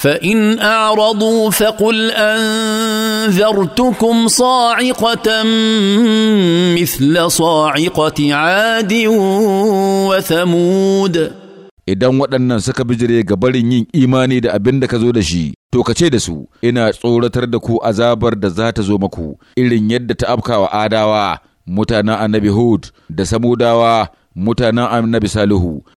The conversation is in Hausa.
فان اعرضوا فقل انذرتكم صاعقه مثل صاعقه عاد وثمود idan waɗannan suka bijire ga barin yin imani da abin da ka zo da shi to ka ce da su ina tsoratar da ku azabar da za ta zo maku irin yadda ta afkawa adawa mutanen annabi hud da samudawa mutanen annabi salihu